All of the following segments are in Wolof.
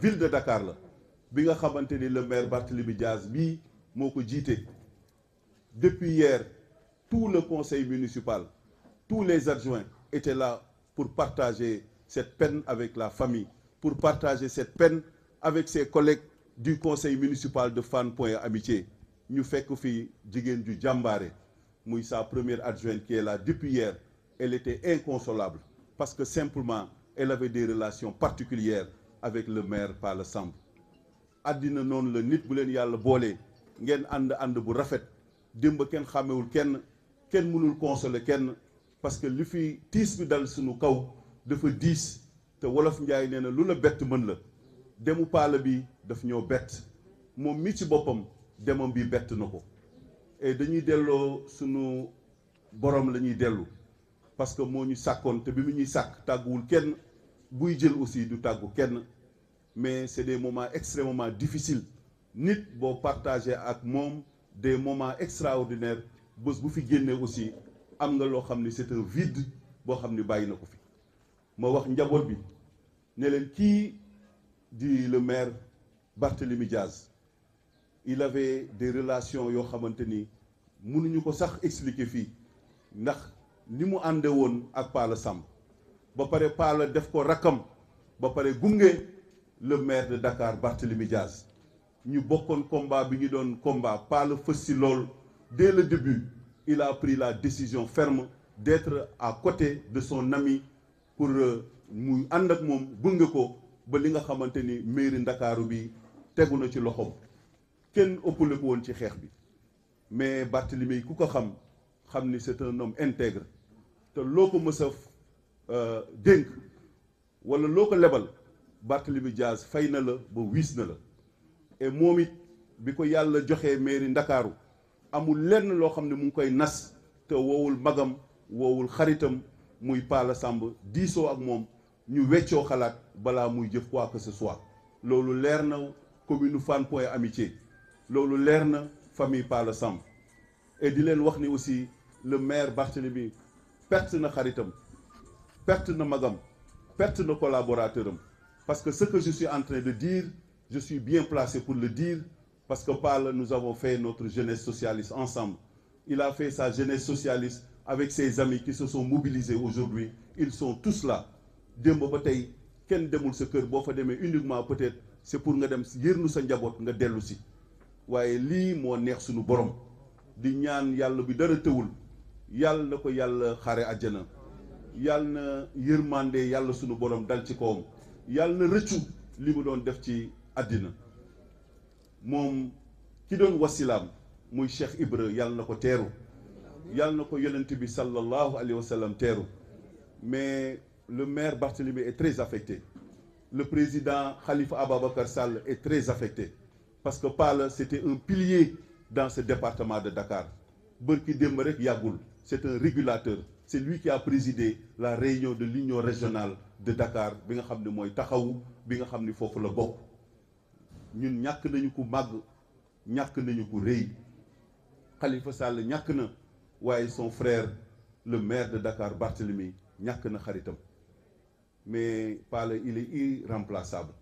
ville de Dakar la bi nga xamante ni le maire Barthélémy Diaz bi moo ko jiite depuis hier tout le conseil municipal tous les adjoints étaient là pour partager cette peine avec la famille pour partager cette peine avec ses collègues du conseil municipal de Fann Point Amitié ñu fekk fi jigéen ju jàmbaare muy sa première adjointe qui est là depuis hier elle était inconsolable parce que simplement elle avait des relations particulières avec le maire Palla Samb àddina noonu la nit bu leen yàlla boolee ngeen ànd ànd bu rafet démb kenn xàmmewul kenn kenn mënul consoler kenn parce que li fi tiis bi dal suñu kaw dafa diis te wolof njaay nee na lu la bett mën la demu paala bi daf ñoo bett moom mi ci boppam demam bi bett na ko et dañuy delloo sunu borom la ñuy dellu parce que moo ñu sàkkoon te bi mu ñuy sàkk tàgguwul kenn buy jël aussi du tàggu kenn mais c'est des moment extrêmement difficiles nit boo partagé ak moom des moment extraordinaires bés bu fi génnee aussi am nga loo xam ni c'est un vide boo xam ni bàyyi na ko fi ma wax njaboot bi ne leen kii di le maire Barthélémy Diaz il avait des relations yoo xamante ni mënuñu ko sax expliquer fii ndax ni mu àndee woon ak Pala Samb ba pare Pala def ko rakkam ba pare gunge le maire de Dakar Barthélémy Diaz ñu bokkoon combat bi ñu doon combat pas le si lool dès le début il a pris la décision ferme d'être à côté de son ami pour euh, mu ànd ak moom gunge ko ba li nga xamante ni mairie Ndakaaru bi tegu na ci loxoom kenn ëppale ko woon ci xeex bi mais Barthélémy ku ko xam xam ni c'est un nom intégre te loo ko mës a euh, dénk wala loo ko lebal Barthélemy Diaz fay na la ba wiis na la et moom it bi ko yàlla joxee mairie ndakaaru amul lenn loo xam ne mu ngi koy nas te woowul magam woowul xaritam muy Pala Samb diisoo ak moom ñu weccoo xalaat balaa muy jëf quoi que ce loolu leer na commune Fann Point Amitié loolu leer na famille Pala Samb et di leen wax ni aussi le maire Barthélemy perte na xaritam perte na magam perte na collaborateur am Parce que ce que je suis en de dire, je suis bien placé pour le dire, parce que par là, nous avons fait notre jeunesse socialiste ensemble. Il a fait sa jeunesse socialiste avec ses amis qui se sont mobilisés aujourd'hui. Ils sont tous la Demba ba tey kenn demul sa kër boo fa demee uniquement peut-être c'est pour nga dem yërnu sa njaboot nga dellu si waaye lii moo neex suñu borom di ñaan yàlla bi dara tëwul yàlla na ko yàlla xare àjjana yàlla na yërmande yàlla suñu borom dal ci kawam yàlla na rëccu li mu doon def ci àddina moom ki doon wasilaam muy Cheikh Ibra yàlla na ko teeru yàlla na ko yonent bi sallallahu alayhi wa teeru mais le maire Barthélémy est très affecté le président Khalifa Ababacar Sall est très affecté parce que Pala c'était un pilier dans ce département de Dakar bërki démb rek yàggul c'est un régulateur c'est lui à a présidé la réunion de l'union régionale de Dakar bi nga xam ne mooy taxawu bi nga xam ni foofu la bokk ñun ñàkk nañu ko màgg ñàkk nañu ko rëy xalifa Sall ñàkk na waaye son frère le maire de Dakar Barthélemy ñàkk na xaritam mais Pala il est irremplaçable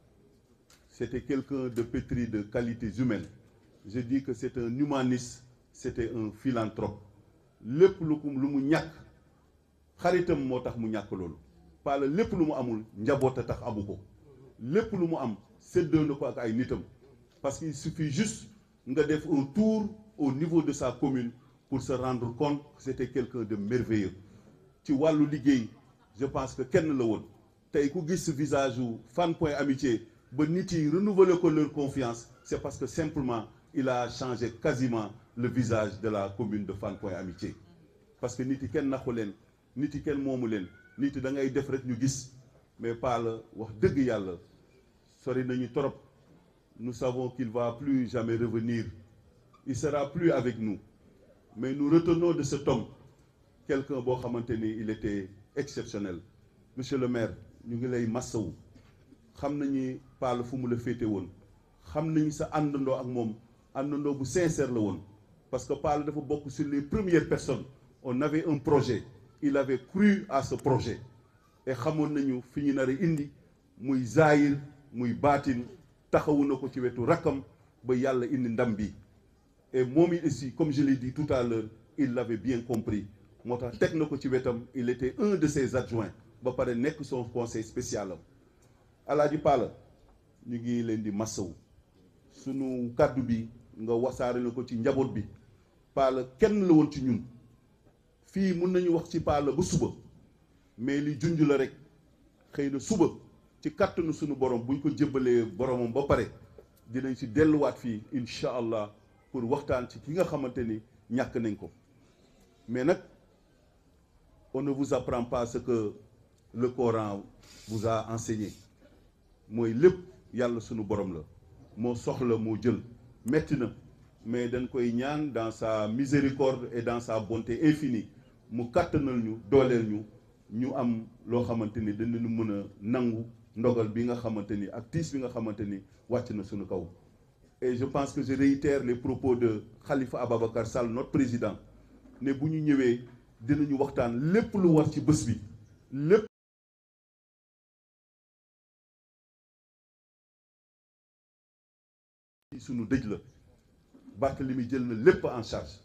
c'était quelqu'un de pétri de qualité humaines je dis que c'est un humaniste c'était un philanthrope lépp lu ko lu mu ñàkk xaritam moo tax mu ñàkk loolu paala lépp lu mu amul njaboot a tax amu ko lépp lu mu am séddoo na ko ak ay nitam parce qu'il suffit juste nga def un tour au niveau de sa commune pour se rendre compte que c'était quelqu'un de merveilleux ci wàllu liggéey je pense que kenn la woon tey ku gis visage u Fann Point Amitié ba nit yi renouveler ko leur confiance c'est parce que simplement il a changé quasiment le visage de la commune de Fann Point Amitié parce que nit yi kenn naxu leen nit yi kenn moomu leen nit yi da ngay def rek ñu gis mais pas la wax dëgg yàlla sori nañu trop nous savons qu'il va plus jamais revenir il sera plus avec nous mais nous retenons de cet homme quelque boo xamante ni il était exceptionnel monsieur le maire ñu ngi lay massawu xam nañu paal fu mu la féete woon xam nañu sa àndandoo ak moom àndandoo bu sincère la woon parce que paal dafa bokk sur les premières personnes on avait un projet il avait cru à ce projet et xamoon nañu fi ñu nar indi muy zaayir muy baatin taxawu na ko ci wetu rakkam ba yàlla indi ndam bi et moom it aussi comme je l'ai dit tout à l'heure il l'avait bien compris moo tax teg na ko ci wetam il était un de ses adjoints ba pare nekk son conseil spécial am Alaaji Paala ñu ngi leen di massawu sunu kàddu bi nga wasaare ko ci njaboot bi Paala kenn la woon ci ñun fii mun nañu wax ci paala ba suba mais li junj la rek xëy na suba ci kàttanu suñu borom buñ ko jébbalee boromam ba pare dinañ ci delluwaat fii incha allah pour waxtaan ci ki nga xamante ni ñàkk nañ ko mais nag on ne vous apprend pas que le Coran vous a enseigné mooy lépp yàlla sunu borom la moo soxla moo jël metti na mais dañ koy ñaan dans sa miséricorde et dans sa bonté infinie mu kàttanal ñu dooleel ñu ñu am loo xamante ni ñu mën a nangu ndogal bi nga xamante ni ak tiis bi nga xamante ni wàcc na suñu kaw. et je pense que je réitère les propos de Khalifa Ababacar Sall notre président ne bu ñu ñëwee dinañu waxtaan lépp lu war ci bës bi lépp. sunu dëj la Barthélemy jël na lépp en charge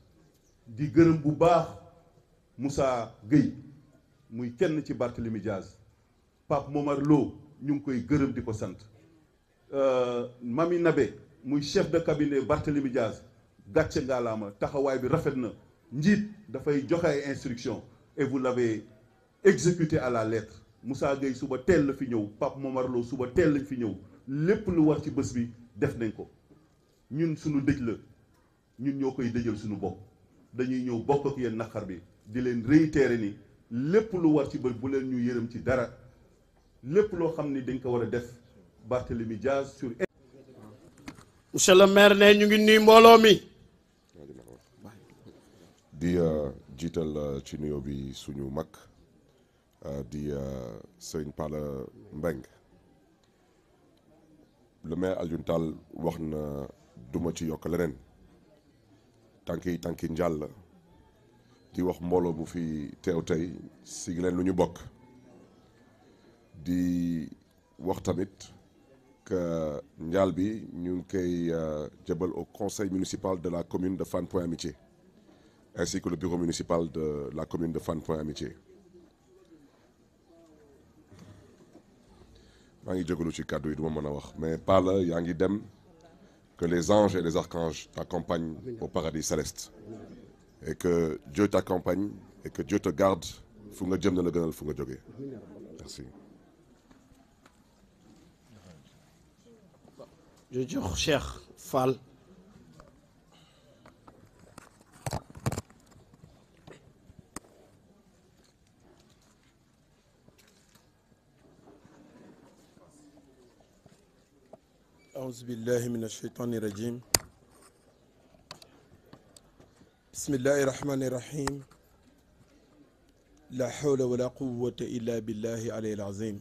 di gërëm bu baax. Moussa Gueye muy kenn ci Barthélemy Diaz Pape Momar Lo ñu ngi koy gërëm di ko sant euh, Mami Nabe muy chef de cabinet Barthélemy Diaz gàcce ngaalaama taxawaay bi rafet na njiit dafay joxe ay instructions et vous l'avez exécuté à la lettre Moussa Gueye suba teel la fi ñëw Pape Momar Lo suba teel lañ fi ñëw lépp lu war ci bés bi def nañ ko ñun suñu dëj la ñun ñoo koy dëjal sunu bopp dañuy ñëw bokk ak yéen naqar bi di leen réitéré ni lépp lu war ci bër bu leen ñu yërëm ci dara lépp loo xam ni dañ ko war a def Barthélemy Diaz sur. monsieur le maire ne ñu ngi nuyu mbooloo mi. di euh, jiital euh, ci nuyoo bi suñu mag euh, di sëñ Pala Mbeng le maire Alioune Tall wax na duma ci yokk leneen tànki tànki njàll di wax mbooloo bu fi teew tey si leen lu ñu bokk di wax tamit que njaal bi ñu ngi koy euh, jëbal au conseil municipal de la commune de Fann Point Amitié ainsi que le bureau municipal de la commune de Fann Point Amitié maa ngi jégalu ci kàddu yi du mën a wax mais par yaa ngi dem que les anges et les archanges t'accompagnent au paradis céleste et que Dieu t'accompagne et que Dieu te garde fu nga jëm na la gënal fu nga jógee merci. je jox Cheikh Fall. aouzu billahi mina shaytaani rajim. bismillahi rahmani rahim la hawla wala quwwata illa billahi aliyil azim